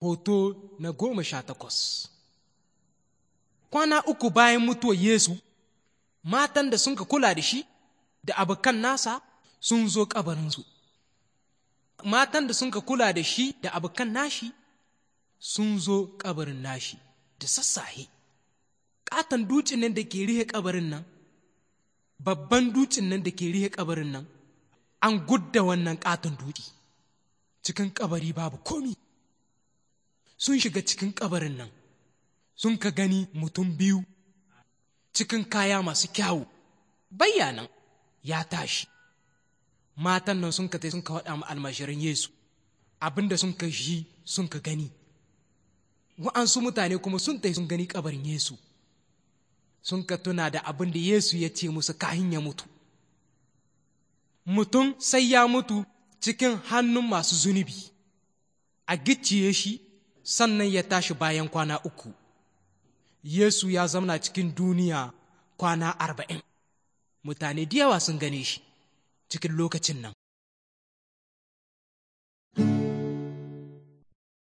hoto na goma sha takwas kwana uku bayan mutuwar yesu matan da sun ka kula da shi da abokan nasa sun zo kabarinsu matan da sun ka kula da shi da abokan nashi sun zo kabarin nashi da sassahe katon dutsen nan da ke rihe kabarin nan babban dutsen nan da ke rihe kabarin nan an gudda wannan katon dutse cikin kabari babu komi sun shiga cikin kabarin nan sun ka gani mutum biyu cikin kaya masu kyawu bayyanan ya tashi matan nan sun ka tai sun ka waɗa almashirin yesu abinda sun ka shi sun ka gani wa'ansu mutane kuma sun tai sun gani kabarin yesu sun ka tuna da abin da yesu ya ce musu kahin ya mutu mutum sai ya mutu cikin hannun masu zunubi a gicciye shi sannan ya tashi bayan kwana uku yesu ya zamna cikin duniya kwana arba'in mutane diyawa sun gane shi cikin lokacin nan